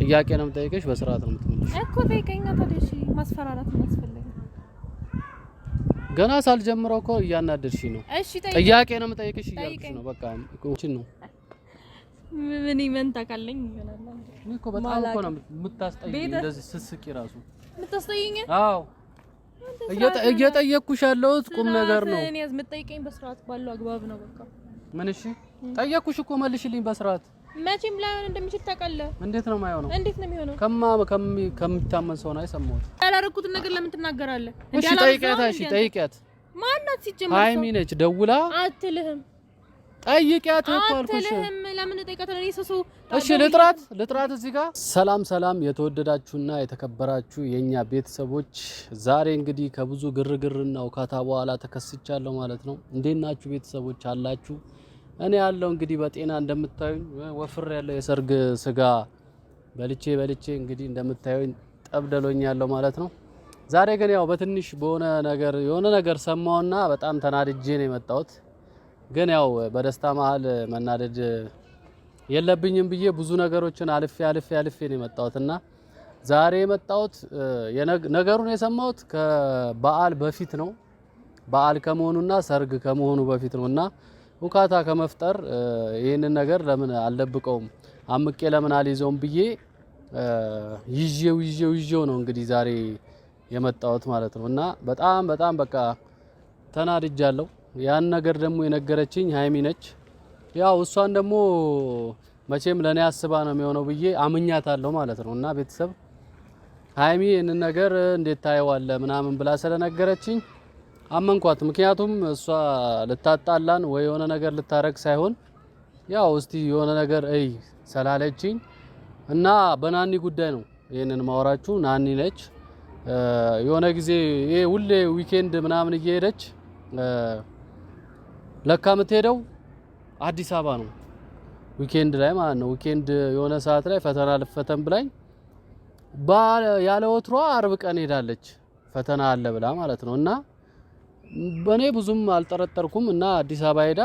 ጥያቄ ነው የምጠይቀሽ፣ በስርዓት ነው የምትመልሽ እኮ ጠይቀኛ። ታዲያ እሺ፣ ማስፈራራት የሚያስፈልግ ገና ሳልጀምረው እኮ እያናደድሽ ነው። እሺ፣ ጥያቄ ነው የምጠይቀሽ እያልኩሽ ነው። በቃ እቺን ነው ምን ይመንታ ካለኝ ይሆናል። እኮ በጣም እኮ ነው የምታስጠይኝ፣ እንደዚህ ስስቂ ራሱ የምታስጠይኝ። አዎ እየጠየቅኩሽ ያለሁት ቁም ነገር ነው። እኔ የምጠይቀኝ በስርዓት ባለው አግባብ ነው። በቃ ምን? እሺ፣ ጠየቅኩሽ እኮ መልሽልኝ በስርዓት መቼም ላይሆን እንደሚችል ታውቃለህ። እንዴት ነው የማይሆነው? እንዴት ነው የሚሆነው? ከማ ከሚታመን ሰው ነው የሰማሁት። ያላረኩትን ነገር ለምን ትናገራለህ? እሺ ጠይቂያት። እሺ ጠይቂያት። ማናት ሲጀምር? ሀይሚ ነች ደውላ አትልህም። ጠይቂያት እኮ አልኩሽ። ለምን ጠይቂያታለህ? ነው ሰሱ እሺ ልጥራት ልጥራት እዚህ ጋር። ሰላም ሰላም፣ የተወደዳችሁና የተከበራችሁ የኛ ቤተሰቦች፣ ዛሬ እንግዲህ ከብዙ ግርግርና ውካታ በኋላ ተከስቻለሁ ማለት ነው። እንዴት ናችሁ ቤተሰቦች? አላችሁ እኔ ያለው እንግዲህ በጤና እንደምታዩኝ ወፍር ያለው የሰርግ ስጋ በልቼ በልቼ እንግዲህ እንደምታዩኝ ጠብደሎኝ ያለው ማለት ነው። ዛሬ ግን ያው በትንሽ በሆነ ነገር የሆነ ነገር ሰማውና በጣም ተናድጄ ነው የመጣሁት። ግን ያው በደስታ መሀል መናደድ የለብኝም ብዬ ብዙ ነገሮችን አልፌ አልፌ አልፌ ነው የመጣሁትና ዛሬ የመጣሁት ነገሩን የሰማሁት ከበዓል በፊት ነው። በዓል ከመሆኑና ሰርግ ከመሆኑ በፊት ነው እና ሁካታ ከመፍጠር ይህንን ነገር ለምን አልደብቀውም፣ አምቄ ለምን አልይዘውም ብዬ ይዤው ይዤው ይዤው ነው እንግዲህ ዛሬ የመጣሁት ማለት ነው። እና በጣም በጣም በቃ ተናድጃለሁ። ያን ነገር ደግሞ የነገረችኝ ሀይሚ ነች። ያው እሷን ደግሞ መቼም ለእኔ አስባ ነው የሚሆነው ብዬ አምኛታለሁ ማለት ነው። እና ቤተሰብ ሀይሚ ይህንን ነገር እንዴት ታየዋለ ምናምን ብላ ስለነገረችኝ አመንኳት። ምክንያቱም እሷ ልታጣላን ወይ የሆነ ነገር ልታረግ ሳይሆን ያው እስቲ የሆነ ነገር እይ ስላለችኝ እና በናኒ ጉዳይ ነው ይህንን ማወራችሁ። ናኒ ነች የሆነ ጊዜ ይሄ ሁሌ ዊኬንድ ምናምን እየሄደች ለካ የምትሄደው አዲስ አበባ ነው ዊኬንድ ላይ ማለት ነው። ዊኬንድ የሆነ ሰዓት ላይ ፈተና ልፈተን ብላኝ ያለ ወትሯ አርብ ቀን ሄዳለች ፈተና አለ ብላ ማለት ነው እና በእኔ ብዙም አልጠረጠርኩም እና አዲስ አበባ ሄዳ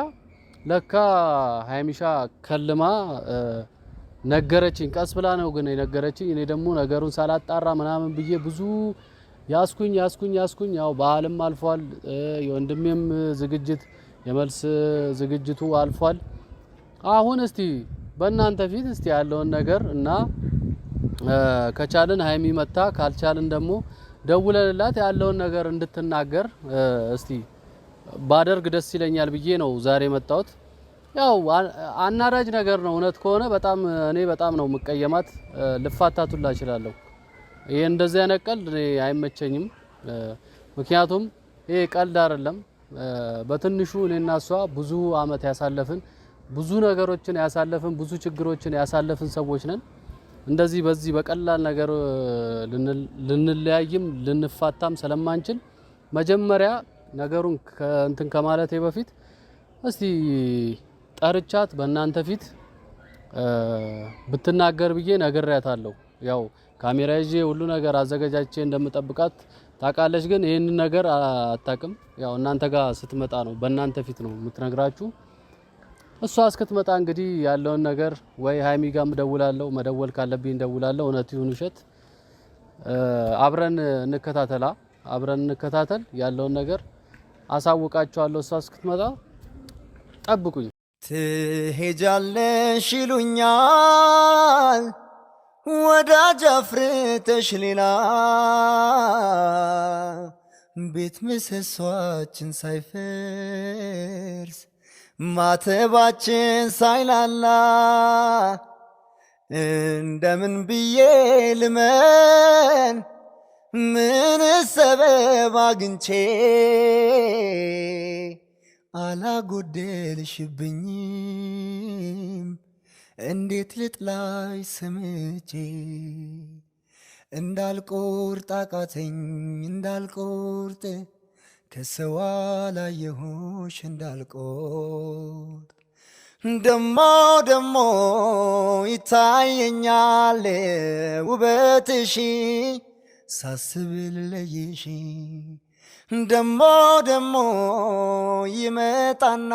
ለካ ሀይሚሻ ከልማ ነገረችኝ። ቀስ ብላ ነው ግን የነገረችኝ። እኔ ደግሞ ነገሩን ሳላጣራ ምናምን ብዬ ብዙ ያስኩኝ ያስኩኝ ያስኩኝ። ያው በዓልም አልፏል፣ የወንድሜም ዝግጅት የመልስ ዝግጅቱ አልፏል። አሁን እስቲ በእናንተ ፊት እስቲ ያለውን ነገር እና ከቻልን ሀይሚ መታ ካልቻልን ደግሞ ደውለልላት ያለውን ነገር እንድትናገር እስቲ ባደርግ ደስ ይለኛል ብዬ ነው ዛሬ መጣሁት። ያው አናዳጅ ነገር ነው እውነት ከሆነ በጣም እኔ በጣም ነው የምቀየማት። ልፋታቱላ እችላለሁ። ይሄ እንደዚህ አይነት ቀልድ አይመቸኝም። ምክንያቱም ይሄ ቀልድ አይደለም። በትንሹ እኔና እሷ ብዙ አመት ያሳለፍን ብዙ ነገሮችን ያሳለፍን ብዙ ችግሮችን ያሳለፍን ሰዎች ነን። እንደዚህ በዚህ በቀላል ነገር ልንለያይም ልንፋታም ስለማንችል መጀመሪያ ነገሩን እንትን ከማለቴ በፊት እስቲ ጠርቻት በእናንተ ፊት ብትናገር ብዬ ነግሬያታለሁ። ያው ካሜራ ይዤ ሁሉ ነገር አዘገጃጅቼ እንደምጠብቃት ታውቃለች፣ ግን ይህንን ነገር አታውቅም። ያው እናንተ ጋር ስትመጣ ነው፣ በእናንተ ፊት ነው የምትነግራችሁ። እሷ እስክትመጣ እንግዲህ ያለውን ነገር ወይ ሀይሚ ጋር እደውላለሁ፣ መደወል ካለብኝ እንደውላለሁ። እውነት ይሁን ውሸት አብረን እንከታተላ አብረን እንከታተል። ያለውን ነገር አሳውቃችኋለሁ። እሷ እስክትመጣ ጠብቁኝ። ትሄጃለሽ ይሉኛል ወዳጅ አፍርተሽ ሌላ ቤት ምሰሷችን ሳይፈርስ ማተባችን ሳይላላ እንደምን ብዬ ልመን ምን ሰበብ አግኝቼ አላጎደልሽብኝም እንዴት ልጥላሽ ሰምቼ እንዳልቆርጥ አቃተኝ እንዳልቆርጥ ከሰው አላየሁሽ እንዳልቆጥ ደሞ ደሞ ይታየኛል ውበትሽ ሳስብ ልለይሽ ደሞ ደሞ ይመጣና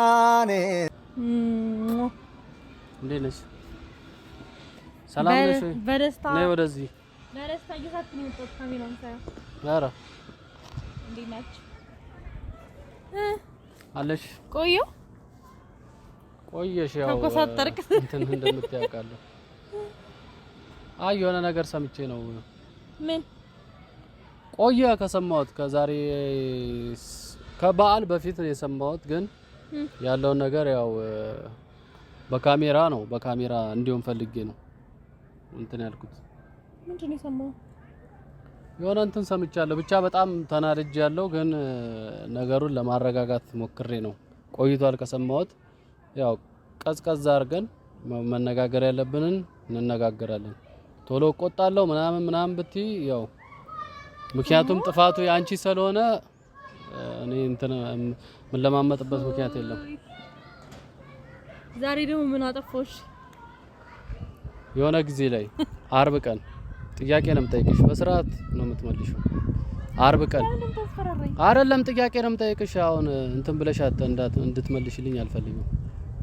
እንዴት ነሽ? ሰላም በደስታ ነይ ወደዚህ። በደስታ እየሳት ነው። አለሽ ቆየሁ ቆየሽ ያው ተቆሳጠርክ እንትን እንደምትያውቃለሁ። አይ የሆነ ነገር ሰምቼ ነው። ምን ቆየ ከሰማሁት ከዛሬ ከበዓል በፊት የሰማሁት ግን ያለውን ነገር ያው በካሜራ ነው በካሜራ እንዲሁም ፈልጌ ነው እንትን ያልኩት። ምንድን ነው የሰማሁት? የሆነ እንትን ሰምቻለሁ። ብቻ በጣም ተናድጅ ያለው ግን ነገሩን ለማረጋጋት ሞክሬ ነው። ቆይቷል ከሰማሁት። ያው ቀዝቀዝ አድርገን መነጋገር ያለብንን እንነጋገራለን። ቶሎ እቆጣለሁ ምናምን ምናምን ብቲ ያው ምክንያቱም ጥፋቱ የአንቺ ስለሆነ እኔ እንትን የምለማመጥበት ምክንያት የለም። ዛሬ ደግሞ ምን አጠፋሽ? የሆነ ጊዜ ላይ አርብ ቀን ጥያቄ ነው የምጠይቅሽ። በስርዓት ነው የምትመልሺው። አርብ ቀን አይደለም ጥያቄ ነው የምጠይቅሽ። አሁን እንትን ብለሽ እንድትመልሽልኝ አልፈልግም።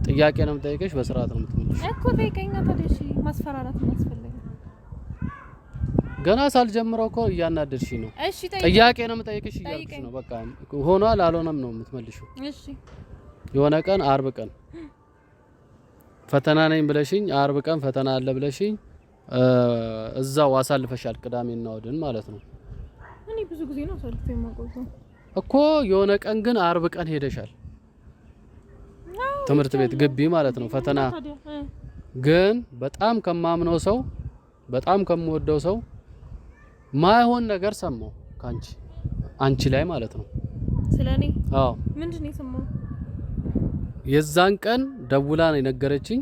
ጥያቄ ነው የምጠይቅሽ። በስርዓት ነው የምትመልሺው እኮ። ጠይቀኛ ታዲያ። እሺ ማስፈራራት ገና ሳልጀምረው እኮ እያናደድሽ ነው። እሺ ጥያቄ ነው የምጠይቅሽ እያልኩሽ ነው። በቃ ሆኗል አልሆነም ነው የምትመልሺው። እሺ የሆነ ቀን አርብ ቀን ፈተና ነኝ ብለሽኝ፣ አርብ ቀን ፈተና አለ ብለሽኝ እዛው አሳልፈሻል ቅዳሜና እሁድን ማለት ነው። እኔ ብዙ ጊዜ ነው አሳልፈው የማቆየው እኮ። የሆነ ቀን ግን አርብ ቀን ሄደሻል ትምህርት ቤት ግቢ ማለት ነው ፈተና። ግን በጣም ከማምነው ሰው በጣም ከምወደው ሰው ማይሆን ነገር ሰማው ካንቺ አንቺ ላይ ማለት ነው። ስለኔ? አዎ። ምንድን ነው የሰማው? የዛን ቀን ደውላ ነው የነገረችኝ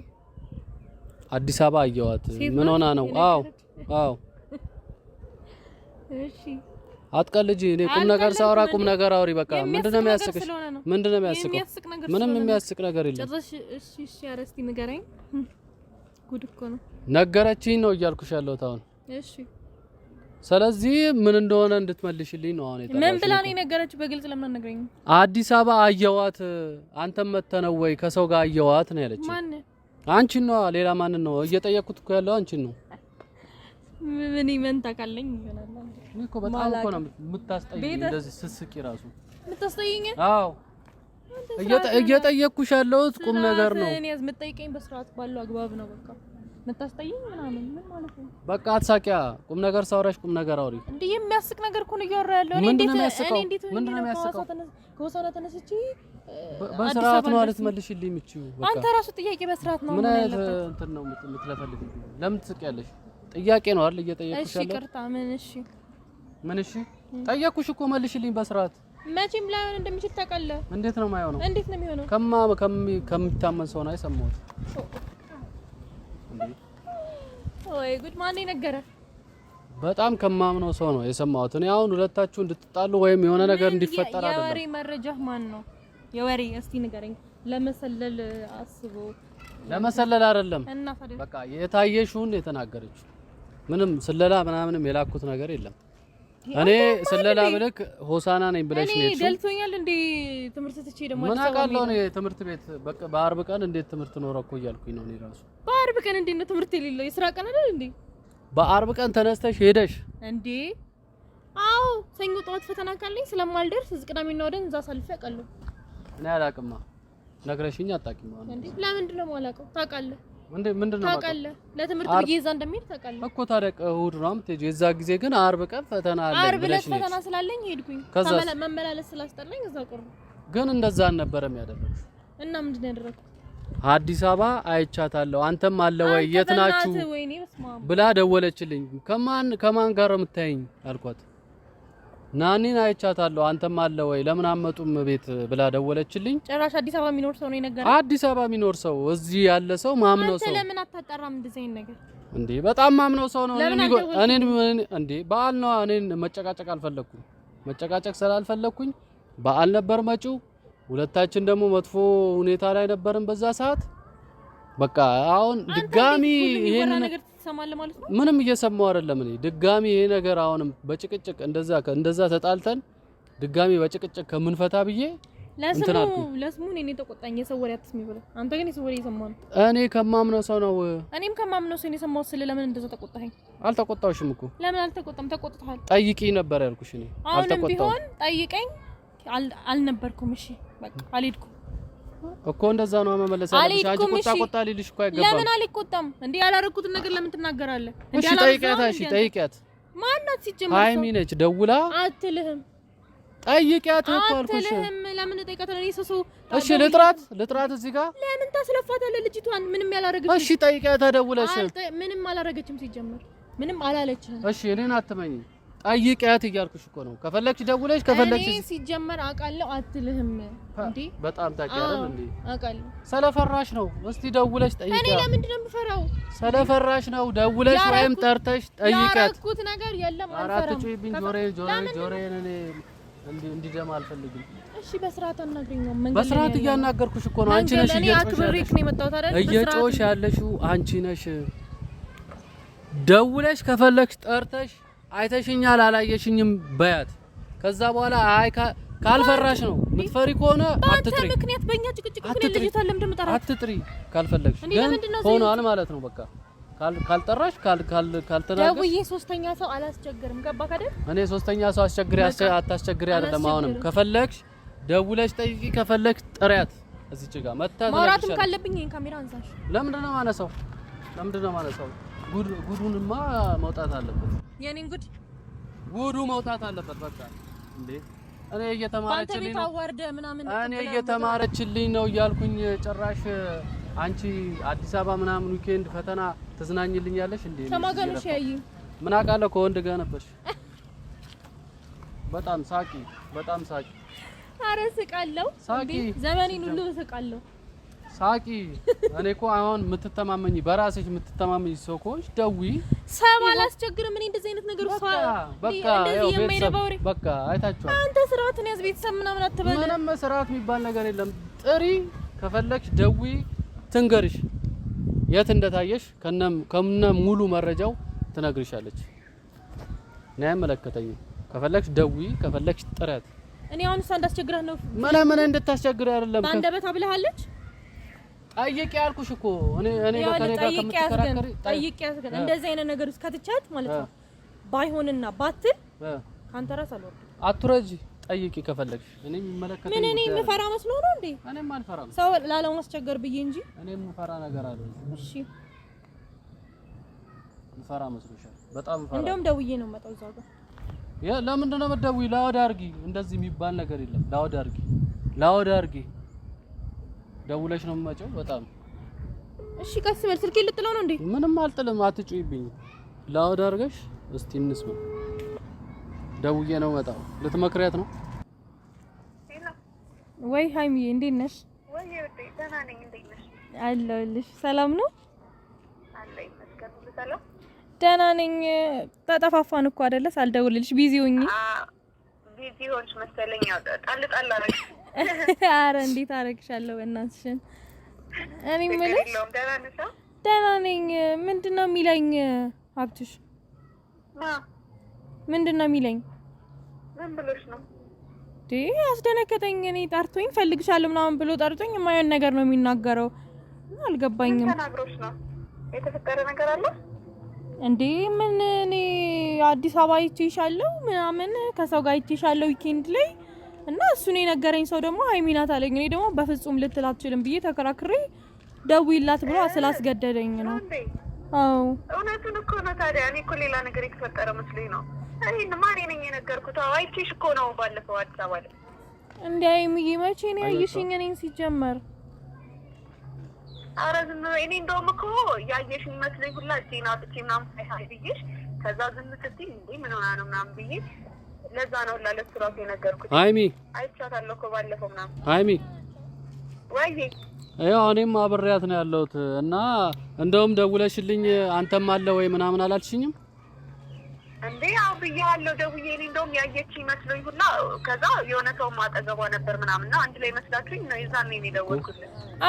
አዲስ አበባ አየዋት። ምን ሆና ነው? አዎ አዎ። እሺ አትቀልጂ። እኔ ቁም ነገር ሳወራ ቁም ነገር አውሪ። በቃ ምንድነው የሚያስቅሽ? ምንድነው የሚያስቅ? ምንም የሚያስቅ ነገር የለም። እሺ እሺ። ኧረ እስኪ ንገረኝ። ጉድ እኮ ነው። ነገረችኝ ነው እያልኩሽ ያለሁት አሁን። እሺ ስለዚህ ምን እንደሆነ እንድትመልሽልኝ ነው አሁን። ምን ብላ ነው የነገረችው? በግልጽ ለምን ነገረኝ? አዲስ አበባ አየዋት። አንተም መተነው ወይ ከሰው ጋር አየዋት ነው ያለችው። ማን አንቺን ነው ሌላ ማንን ነው እየጠየቅኩት እኮ ያለው አንቺን ነው ምን ይመን ካለኝ ይሆናል እኮ በጣም እኮ ነው የምታስጠይኝ እንደዚህ ስስቂ ራሱ የምታስጠይኝ አዎ እየጠየቅኩሽ ያለሁት ቁም ነገር ነው እኔ የምጠይቀኝ በስርዓት ባለው አግባብ ነው በቃ የምታስጠይኝ ምናምን ምን ማለት ነው በቃ አትሳቂያ ቁም ነገር ሳውራሽ ቁም ነገር አውሪ እንዴ የሚያስቅ ነገር እኮ ነው እያወራ ያለው እኔ እንዴት እኔ እንዴት ነው የሚያስቀው ከሆሳና ተነስቼ በስርዓት ነው ልትመልሽልኝ የምትችይው። አንተ ራሱ ጥያቄ በስርዓት ነው። ምን አይነት እንትን ነው የምትለፈልግ? ለምን ትስቂያለሽ? ጥያቄ ነው አይደል እየጠየቅኩሽ ያለው። እሺ ቅርታ። ምን እሺ፣ ምን እሺ? ጠየቅኩሽ እኮ መልሽልኝ በስርዓት። መቼም ላይሆን እንደሚችል ታውቃለህ። እንዴት ነው የማይሆነው? እንዴት ነው የሚሆነው? ከማ ከሚታመን ሰው ነው የሰማሁት። ወይ ጉድ! ማን የነገረ? በጣም ከማምነው ሰው ነው የሰማሁት እኔ። አሁን ሁለታችሁ እንድትጣሉ ወይም የሆነ ነገር እንዲፈጠር አይደለም። የወሬ መረጃ ማን ነው? የወሬ እስቲ ንገረኝ። ለመሰለል አስቦ ለመሰለል አይደለም። በቃ የታየሽውን የተናገረችው ምንም ስለላ ምናምንም የላኩት ነገር የለም። እኔ ስለላ ብልክ ሆሳና ነኝ ብለሽ ነው ደልቶኛል። እንዴ ትምህርት ትቼ ደግሞ ምን አውቃለሁ እኔ ትምህርት ቤት በቃ በአርብ ቀን እንዴት ትምህርት ኖረ እኮ እያልኩኝ ነው እኔ ራሱ። በአርብ ቀን እንዴት ነው ትምህርት የሌለው? የስራ ቀን አይደል እንዴ? በአርብ ቀን ተነስተሽ ሄደሽ እንዴ? አዎ ሰኞ ጠዋት ፈተና ካለኝ ስለማልደርስ ቅዳሜና ወደን እዛ ሳልፈ ያውቃለሁ። እኔ አላውቅማ። ነግረሽኝ አታውቂም ማለት እንዴ? ለምንድን ነው የማላውቀው? ታውቃለህ እንዴ? ምንድን ነው ታውቃለህ? ለትምህርት ብዬሽ እዛ እንደሚሄድ ታውቃለህ እኮ። ታዲያ እሑድ ነው የምትሄጂው። ጊዜ ግን አርብ ቀን ፈተና አለ አርብ ነው። ዕለት ፈተና ስላለኝ ሄድኩኝ። መመላለስ ስላስጠላኝ እዛ ቆርኩ። ግን እንደዛ አልነበረም ያደረግሽው። እና ምንድን ነው ያደረግኩት? አዲስ አበባ አይቻታለሁ። አንተም አለ ወይ የት ናችሁ ብላ ደወለችልኝ። ከማን ከማን ጋር ነው የምታየኝ አልኳት። ናኒን አይቻታለሁ። አንተም አለ ወይ ለምን አመጡም ቤት ብላ ደወለችልኝ። ጭራሽ አዲስ አበባ የሚኖር ሰው ነው የነገረኝ። አዲስ አበባ የሚኖር ሰው እዚህ ያለ ሰው ማምነው ሰው ለምን አታጣራም? እንደዚህ አይነት ነገር እንዴ! በጣም ማምነው ሰው ነው። እኔን እንዴ በዓል ነው። እኔን መጨቃጨቅ አልፈለኩም። መጨቃጨቅ ስላልፈለኩኝ በዓል ነበር መጪው። ሁለታችን ደግሞ መጥፎ ሁኔታ ላይ ነበርን በዛ ሰዓት። በቃ አሁን ድጋሚ ይሄን ነገር ትሰማለህ ማለት ነው። ምንም እየሰማው አይደለም። እኔ ድጋሚ ይሄ ነገር አሁንም በጭቅጭቅ እንደዛ እንደዛ ተጣልተን ድጋሚ በጭቅጭቅ ከምንፈታ ብዬ ለስሙ ለስሙ እኔ ተቆጣኝ። የሰው ወሬ አትስሚ ብለህ አንተ ግን የሰው ወሬ ነው። እኔ ከማምነው ሰው ነው እኔም ከማምነው ሰው የሰማሁት። ስለ ለምን እንደዛ አልተቆጣሁሽም እኮ ለምን አልተቆጣም? ተቆጥተሃል። ነበር ያልኩሽ እኔ አልተቆጣሁም። ቢሆን ጠይቀኝ። አልነበርኩም። እሺ በቃ አልሄድኩም እኮ እንደዛ ነው መመለስ አለብሽ። አንቺ ቁጣ ቁጣ ሊልሽ እኮ አይገባም። ለምን አልቆጣም እንዴ? ያላረኩትን ነገር ለምን ትናገራለህ? እሺ ጠይቂያት። እሺ ጠይቂያት። ማናት ሲጀምር ሀይሚ ነች ደውላ አትልህም። ጠይቂያት እኮ አልኩሽ። ለምን እጠይቃታለሁ? እኔ ሰው እሺ ልጥራት ልጥራት። እዚህ ጋር ለምን ታስለፋታለህ? ልጅቷን ምንም ያላረገችም። እሺ ጠይቂያት። ደውለሽ ምንም አላረገችም። ሲጀምር ምንም አላለችም። እሺ እኔን አትመኝ ጠይቂያት እያልኩሽ እኮ ነው። ከፈለግሽ ደውለሽ ከፈለግሽ እኔ ሲጀመር አውቃለሁ አትልህም እንዴ? በጣም ታውቂያለሽ እንዴ? አውቃለሁ። ስለፈራሽ ነው። እስቲ ደውለሽ ጠይቂያት። እኔ ለምንድን ነው የምፈራው? ስለፈራሽ ነው። ደውለሽ ወይም ጠርተሽ ጠይቂያት። ያደረኩት ነገር የለም። አልፈራም። ጆሬ ጆሬ ጆሬ እኔ እንዲደማ አልፈልግም። እሺ በስርዓት መንገድ በስርዓት እያናገርኩሽ እኮ ነው። አንቺ ነሽ እየጮሽ ያለሽው አንቺ ነሽ። ደውለሽ ከፈለግሽ ጠርተሽ አይተሽኛል አላየሽኝም በያት። ከዛ በኋላ አይ ካልፈራሽ ነው ምትፈሪ ከሆነ አትጥሪ። ምክንያት በእኛ ጭቅጭቅ ምክንያት ልጅቷ ለምደምጠራ አትጥሪ። ካልፈለግሽ ግን ሆኗል ማለት ነው በቃ ካልጠራሽ ካልተናገርሽ ደውዬ ሶስተኛ ሰው አላስቸግርም። ገባክ አይደል? እኔ ሶስተኛ ሰው አስቸግሪ አታስቸግሪ አይደለም። አሁንም ከፈለግሽ ደውለሽ ጠይቂ፣ ከፈለግሽ ጥሪያት። እዚህ ጭጋ መታ ማውራትም ካለብኝ ይሄን ካሜራ አንሳሽ። ለምንድን ነው የማነሳው? ለምንድን ነው የማነሳው? ጉዱንማ መውጣት አለበት። የኔን ጉድ ውዱ መውጣት አለበት። በቃ እንዴ እኔ እየተማረችልኝ ነው ምናምን እኔ እየተማረችልኝ ነው እያልኩኝ ጭራሽ አንቺ አዲስ አበባ ምናምን ዊኬንድ ፈተና ትዝናኝልኛለሽ እንዴ? ከማጋነሽ ያይ ምን አውቃለሁ ከወንድ ጋር ነበርሽ። በጣም ሳቂ፣ በጣም ሳቂ። አረ ስቃለሁ፣ ሳቂ። ዘመኔን ሁሉ ስቃለሁ። ሳቂ። እኔ እኮ አሁን የምትተማመኝ በራስሽ የምትተማመኝ ሰው ከሆንሽ ደውዪ። ሰው አላስቸግርም። እኔ እንደዚህ አይነት ነገር ሰው በቃ በቃ አይታችኋል። አንተ ስርዓትን ያዝ፣ ቤተሰብ ምናምን አትበል። ምንም ስርዓት የሚባል ነገር የለም። ጥሪ ከፈለግሽ ደዊ ትንገርሽ። የት እንደታየሽ ከነ ሙሉ መረጃው ትነግርሻለች። እኔ አይመለከተኝም። ከፈለግሽ ደዊ ከፈለግሽ ጥረት። እኔ አሁን እሷ እንዳስቸግራት ነው። ምንም እንድታስቸግር አይደለም። በአንደበቷ ብለሃለች ጠይቂ ያልኩሽ እኮ እኔ እኔ እንደዚህ አይነት ነገር ውስጥ ከትቻት ማለት ነው። ባይሆንና ባትል ካንተ ራስ አልወርድም። አትረጂ፣ ጠይቂ ከፈለግሽ። እኔ የሚመለከተኝ ምን እኔ የምፈራ መስሎ ነው እንዴ? እኔም አልፈራም፣ ሰው ላለማስቸገር ብዬ እንጂ እኔ የምፈራ ነገር አለ። እሺ፣ የምፈራ መስሎሻል? በጣም ፈራ። እንደውም ደውዬ ነው የምመጣው እዛው ጋር። ለምንድን ነው የምትደውይ? ላወድ አድርጊ። እንደዚህ የሚባል ነገር የለም። ላወድ አድርጊ፣ ላወድ አድርጊ ደውለሽ ነው የምመጪው? በጣም እሺ፣ ቀስ በል። ስልኬ ልጥለው ነው እንዴ? ምንም አልጥልም፣ አትጩይብኝ። ላውድ አድርገሽ እስቲ እንስማ። ደውዬ ነው መጣው። ልትመክሪያት ነው ወይ? ሀይሚዬ እንዴት ነሽ? አለሁልሽ። ሰላም ነው? ደህና ነኝ። ተጠፋፋን እኮ አይደለ? ሳልደውልልሽ ቢዚ ሆኜ ቢዚ ሆንሽ መሰለኝ። ጣል ጣል አደረግሽ አረ እንዴት አረግሻለሁ? በእናትሽን። እኔ የምልሽ ደህና ነኝ። ምንድን ነው የሚለኝ ሀብትሽ? ምንድን ነው የሚለኝ? ምን ብሎሽ ነው? አስደነገጠኝ። እኔ ጠርቶኝ ፈልግሻለሁ ምናምን ብሎ ጠርቶኝ የማየውን ነገር ነው የሚናገረው። አልገባኝም። የተፈጠረ ነገር አለ እንዴ? ምን እኔ አዲስ አበባ ይቼሻለሁ ምናምን ከሰው ጋር ይቼሻለሁ ዊኬንድ ላይ እና እሱን የነገረኝ ሰው ደግሞ ሀይሚ ናት አለኝ። እኔ ደግሞ በፍጹም ልትል አትችልም ብዬ ተከራክሬ ደውይላት ብሎ ስላስገደደኝ ነው። አዎ እውነቱን እኮ ነው። ታዲያ እኔ እኮ ሌላ ነገር የተፈጠረ መስሎኝ ነው። ይህን እኔ ነኝ የነገርኩት። አይቼሽ እኮ ነው ባለፈው አዲስ አበባ ላይ። እንዲ ሀይሚዬ መቼ ነው ያየሽኝ እኔን ሲጀመር? አረ ዝም እኔ እንደውም እኮ ያየሽ መስሎኝ ሁላ ዜና ብቼ ምናምን ብዬሽ ከዛ ዝም ስትይ እንዴ ምን ሆና ነው ምናምን ብዬ ለዛ ነው ላለሱ ራሱ የነገርኩት። ሀይሚ አይቻታለሁ እኮ ባለፈው ምናምን። ሀይሚ ወይ ያው እኔም አብሬያት ነው ያለሁት እና እንደውም ደውለሽልኝ አንተም አለ ወይ ምናምን አላልሽኝም እንዴ? ያው ብያለሁ ደውዬ እኔ እንደውም ያየች ይመስለኝ ሁላ ከዛ የሆነ ሰው አጠገቧ ነበር ምናምን እና አንድ ላይ መስላችሁኝ ነው የዛኔ ነው የደወልኩት።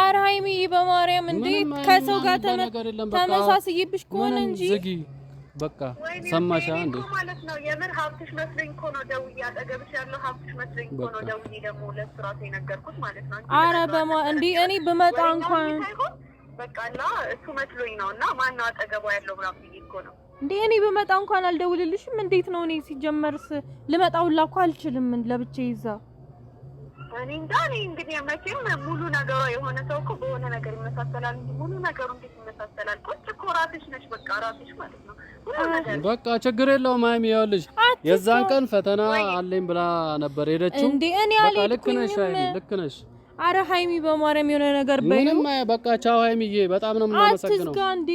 ኧረ ሀይሚ በማርያም እንዴ ከሰው ጋር ተመሳስይብሽ ከሆነ እንጂ ዝጊ በቃ ሰማሻ እንዴ ማለት ነው። የምር ሀብትሽ መስሎኝ እኮ ነው ደውዬ አጠገብሽ ያለው ሀብትሽ መስሎኝ እኮ ነው ደውዬ ደግሞ ለእሱ እራሱ የነገርኩት ማለት ነው። አረ በማ እንዴ እኔ ብመጣ እንኳን በቃ እና እሱ መስሎኝ ነው እና ነው አጠገቧ ያለው ምናምን ብዬሽ እኮ ነው እንዴ እኔ ብመጣ እንኳን አልደውልልሽም። እንዴት ነው እኔ ሲጀመርስ ልመጣ እኮ አልችልም ለብቻዬ ይዛ እኔ እንጃ። እኔ እንግዲህ መቼም ሙሉ ነገሯ የሆነ ሰው እኮ በሆነ ነገር ይመሳሰላል እንጂ ሙሉ ነገሩ እንዴት ይመሳሰላል? ቁጭ እኮ ራስሽ ነሽ፣ በቃ ራስሽ ማለት ነው። በቃ ችግር የለውም ሀይሚ፣ ይኸውልሽ የዛን ቀን ፈተና አለኝ ብላ ነበር ሄደችው። በቃ ልክ ነሽ ሀይሚ፣ ልክ ነሽ። አረ ሀይሚ፣ በማርያም የሆነ ነገር በይ። ምንም በቃ ቻው ሀይሚዬ፣ በጣም ነው የምናመሰግነው። አትስጋ እንዴ!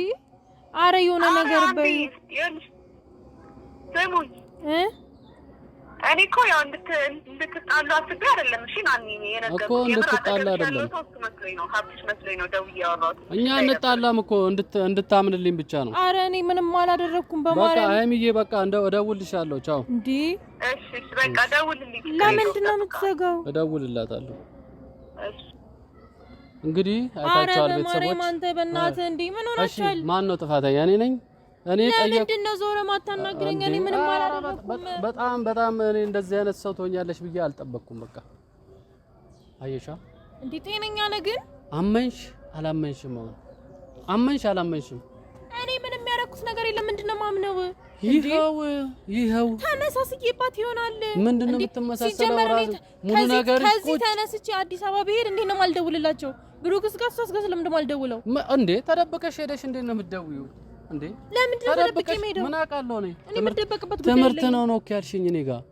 አረ የሆነ ነገር በይ። ስሙኝ እ እኔ እኮ ያው እንድትጣሉ አስቤ አይደለም። እሺ ናኒ እኮ እንድትጣሉ አይደለም እኛ እንጣላም እኮ እንድታምንልኝ ብቻ ነው። አረ እኔ ምንም አላደረግኩም። በማርያም በቃ አይምዬ በቃ እንደው እደውልልሻለሁ። ቻው። እንዴ እሺ በቃ ደውልልኝ። ለምንድን ነው የምትዘጋው? እደውልላታለሁ። እንግዲህ አይታችኋል ቤተሰቦች። አንተ በእናትህ እንዲህ ምን ሆናችኋል? ማን ነው ጥፋተኛ? እኔ ነኝ እኔ ለምንድን ነው ዞረ ማታናግረኝ? እኔ ምንም አላደረኩም። በጣም በጣም እኔ እንደዚህ አይነት ሰው ትሆኛለሽ ብዬ አልጠበቅኩም። በቃ አየሻ እንዴ ጤነኛ ነህ ግን አመንሽ አላመንሽም፣ አሁን አመንሽ አላመንሽም፣ እኔ ምንም ያደረኩት ነገር የለም። ምንድን ነው ይኸው ይኸው ተመሳስዬባት ይሆናል። ምንድን ነው የምትመሳሰለው? ሙሉ ነገር ከዚህ ተነስቼ አዲስ አበባ ብሄድ እንዴት ነው የማልደውልላቸው? ብሩክስ ጋር እሷስ ጋር ስለምንድን ነው የማልደውለው? እንዴ ተደብቀሽ ሄደሽ እንዴት ነው የምትደውይው? እንዴ ለምንድን ነው ተደብቄ የምሄደው? ምን አውቃለሁ እኔ የምደበቅበት ትምህርት ነው ነው ያልሽኝ። እኔ ጋር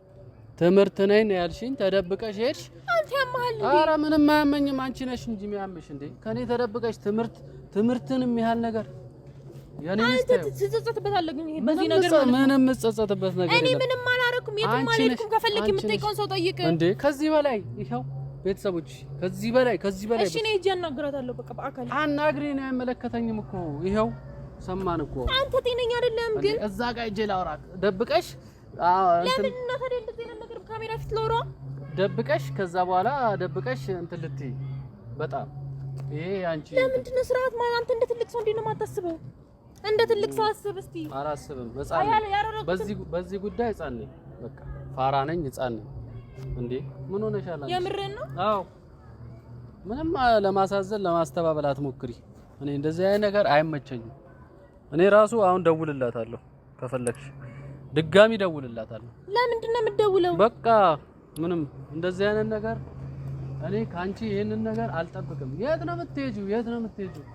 ትምህርት ነኝ ነው ያልሽኝ። ተደብቀሽ ሄድሽ። አንተ ያማሃል እንዴ? ምንም አያመኝም። አንቺ ነሽ እንጂ የሚያምሽ እንዴ ከኔ ተደብቀሽ ትምህርት ትምህርትን የሚያህል ነገር ምንም እጸጸትበት ነገር እኔ ምንም አላደረኩም። የትም አልሄድኩም። ከፈለክ የምትጠይቀውን ሰው ጠይቅ እንዴ ከዚህ በላይ ይኸው ቤተሰቦች ከዚህ በላይ ከዚህ በላይ እሺ፣ እኔ ሂጅ አናግራታለሁ። በቃ በአካል አናግሪ ነው አይመለከተኝም እኮ ይኸው ሰማን እኮ አንተ ጤነኛ አይደለም። ግን እዛ ጋር እጄ ላውራክ ደብቀሽ ለምን እና ታዲያ እንደዚህ አይነት ነገር ካሜራ ፊት ላውራ ደብቀሽ ከዛ በኋላ ደብቀሽ እንትን ልትይ በጣም ይሄ አንቺ ለምንድን ነው ስርዓት ማለት አንተ እንደ ትልቅ ሰው እንዴት ነው የማታስበው? እንደ ትልቅ ሰው አስብ እስቲ። አላስብም፣ ህፃን ነኝ። በዚህ በዚህ ጉዳይ ህፃን ነኝ። በቃ ፋራ ነኝ፣ ህፃን ነኝ። እንዴ ምን ሆነሻል? የምርህን ነው? አዎ ምንም ለማሳዘን ለማስተባበል አትሞክሪ። እኔ እንደዚህ አይነት ነገር አይመቸኝም። እኔ ራሱ አሁን ደውልላታለሁ። ከፈለግሽ ድጋሚ ደውልላታለሁ። ለምንድን ነው የምትደውለው? በቃ ምንም እንደዚህ አይነት ነገር እኔ ከአንቺ ይህንን ነገር አልጠብቅም። የት ነው የምትሄጂው? የት ነው የምትሄጂው?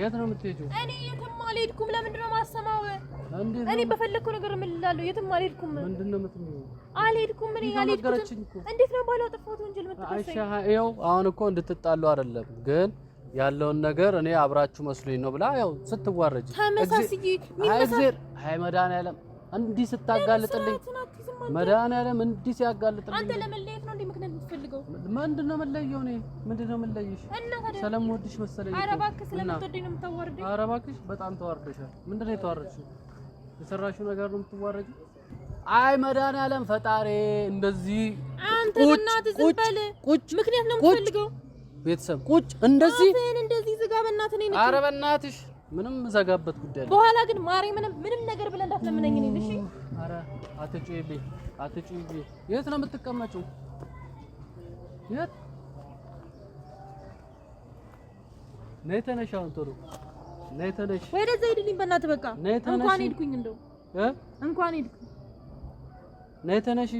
የት ነው የምትሄጂው? እኔ የትም አልሄድኩም። ለምንድን ነው የማሰማው? እኔ በፈለግኩ ነገር እምልላለሁ። የትም አልሄድኩም። ምንድን ነው የምትሄጂው? አልሄድኩም። እኔ አልሄድኩም። እንዴት ነው ባለው ጥፋት ወንጀል የምትከሰኝ? አሁን እኮ እንድትጣሉ አይደለም ግን ያለውን ነገር እኔ አብራችሁ መስሎኝ ነው ብላ ያው ስትዋረጅ መድኃኒዓለም እንዲህ ስታጋልጥልኝ መድኃኒዓለም እንዲህ ሲያጋልጥልኝ አንተ ለመለየት ነው እንዴ? ምክንያት የምትፈልገው ምንድን ነው? መለየው ነው ምንድን ነው መለየሽ? ስለምወድሽ መሰለኝ። ኧረ እባክሽ ስለምትወደኝ ነው የምታዋርደኝ? ኧረ እባክሽ በጣም ተዋርደሻል። ምንድን ነው የተዋረድሽው? የሰራሽው ነገር ነው የምትዋረጂው። አይ መድኃኒዓለም ፈጣሪ እንደዚህ አንተ እናት ዝም በል። ቁጭ ምክንያት ነው የምትፈልገው ቤተሰብ ቁጭ እንደዚህ እንደዚህ ዝጋ። በእናትህ ነኝ። ኧረ በእናትሽ ምንም ዘጋበት ጉዳይ ነው። በኋላ ግን ማሬ ምንም ምንም ነገር ብለህ እንዳትለምነኝ ነኝ። እሺ። ኧረ አትጩይብኝ፣ አትጩይብኝ። የት ነው የምትቀመጪው? የት ነይ ተነሽ። አሁን ቶሎ ነይ ተነሽ። ወደዛ ሂድልኝ በእናትህ በቃ። እንኳን ሄድኩኝ እንደው እ እንኳን ሄድኩኝ። ነይ ተነሽ።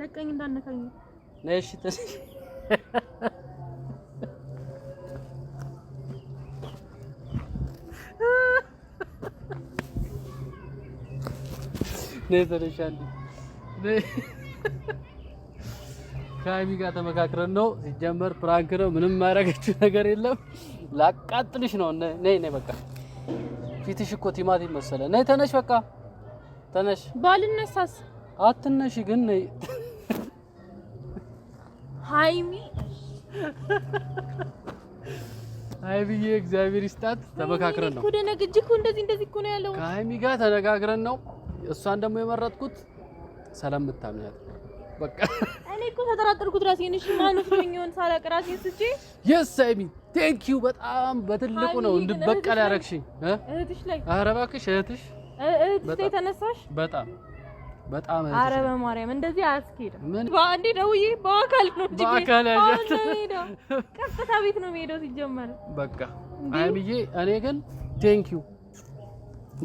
ለቀኝ እንዳነካኝ። ነይ እሺ ተነሽ ነይ የተነሻል። ከሀይሚ ጋር ተመካክረን ነው። ሲጀመር ፕራንክ ነው። ምንም ማያደርገችው ነገር የለም። ላቃጥልሽ ነው። ነይ ነይ፣ በቃ ፊትሽ እኮ ቲማቲም መሰለ። ነይ ተነሽ፣ በቃ ተነሽ። ባልነሳስ አትነሽ፣ ግን ነይ ሀይሚ ሀይሚዬ እግዚአብሔር ይስጣት። ተመካክረን ነው። እንደዚህ እንደዚህ እኮ ነው ያለው። ከሀይሚ ጋር ተነጋግረን ነው እሷን ደግሞ የመረጥኩት ሰላም የምታምናት በቃ እኔ እኮ ተጠራጠርኩት ራሴን። እሺ ማን ስለሚሆን ሳላቅ ራሴን ስቼ የስ አይሚ ቴንክ ዩ በጣም በትልቁ ነው እንድበቀል ያረግሽኝ። እህትሽ ላይ ኧረ እባክሽ እህትሽ እህትሽ ላይ ተነሳሽ። በጣም በጣም ኧረ በማርያም እንደዚህ አያስኬድም። በአንዴ ደውዬ በአካል ነው እንጂ በአካል ያለው ቀጥታ ቤት ነው የሚሄደው ሲጀመር። በቃ አይሚዬ እኔ ግን ቴንክ ዩ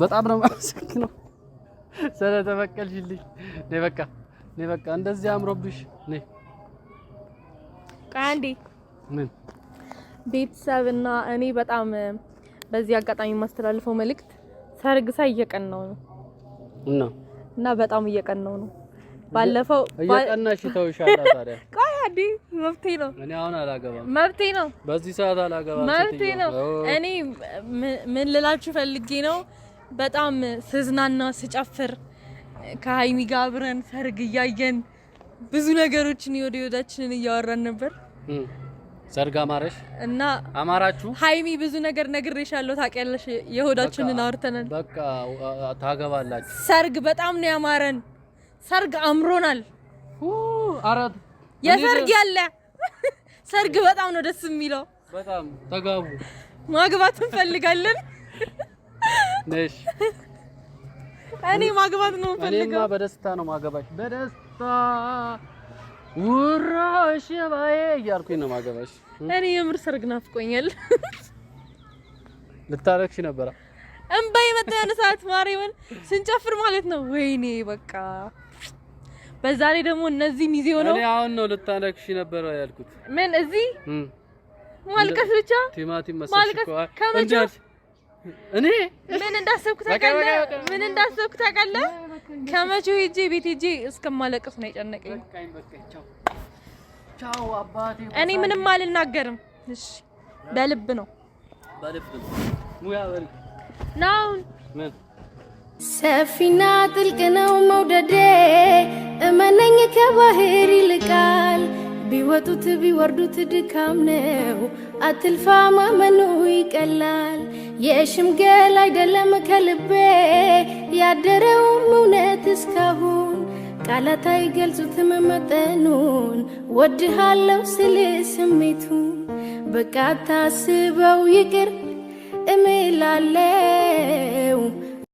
በጣም ነው የማመሰግነው። ተበቀልሽልኝ። ነይ በቃ ነይ በቃ እንደዚህ አምሮብሽ ነይ። ቆይ አንዴ ምን ቤተሰብ እና እኔ በጣም በዚህ አጋጣሚ የማስተላልፈው መልእክት ሰርግ ሳይ እየቀናው ነው እና እና በጣም እየቀናው ነው። ባለፈው እየቀናሽ ተውሻላ። ታዲያ ቆይ አንዴ መብቴ ነው። እኔ አሁን አላገባም። መብቴ ነው። በዚህ ሰዓት አላገባም። መብቴ ነው። እኔ ምን ልላችሁ ፈልጌ ነው በጣም ስዝናና ስጨፍር ከሀይሚ ጋር አብረን ሰርግ እያየን ብዙ ነገሮችን የወደ ወዳችንን እያወራን ነበር። ሰርግ አማረሽ እና አማራችሁ። ሀይሚ ብዙ ነገር ነግሬሻለሁ፣ ታውቂያለሽ። የሆዳችንን አውርተናል። በቃ ታገባላችሁ። ሰርግ በጣም ነው ያማረን። ሰርግ አምሮናል። አራት የሰርግ ያለ ሰርግ በጣም ነው ደስ የሚለው። በጣም ተጋቡ። ማግባት እንፈልጋለን። ነሽ። እኔ ማግባት ነው የምፈልገው። በደስታ ነው ማገባሽ፣ በደስታ ውራሽ ባዬ እያልኩኝ ነው ማገባሽ። እኔ የምር ሰርግ ናፍቆኛል። ልታረክሽ ነበረ እንባ የመጣ ያለ ሰዓት ማርያምን ስንጨፍር ማለት ነው። ወይኔ በቃ በዛ ላይ ደግሞ እነዚህ ሚዜ ሆነው እኔ አሁን ነው ልታረክሽ ነበረ ያልኩት። ምን እዚህ ማልቀስ ብቻ ቲማቲም መሰለሽ እኔ ምን እንዳሰብኩ ታውቃለህ? ምን እንዳሰብኩ ታውቃለህ? ከመቼው ሂጅ ቤት ሂጅ እስከማለቅስ ነው የጨነቀኝ። እኔ ምንም አልናገርም። እሺ፣ በልብ ነው ነው ሰፊና ጥልቅ ነው መውደዴ፣ እመነኝ ከባህር ይልቃል። ቢወጡት ቢወርዱት ድካም ነው፣ አትልፋ ማመኑ ይቀላል። የሽምገል አይደለም ከልቤ ያደረውም እውነት እስካሁን ቃላት አይገልጹትም መጠኑን ወድሃለው ስል ስሜቱ በቃ ታስበው ይቅር እምላለው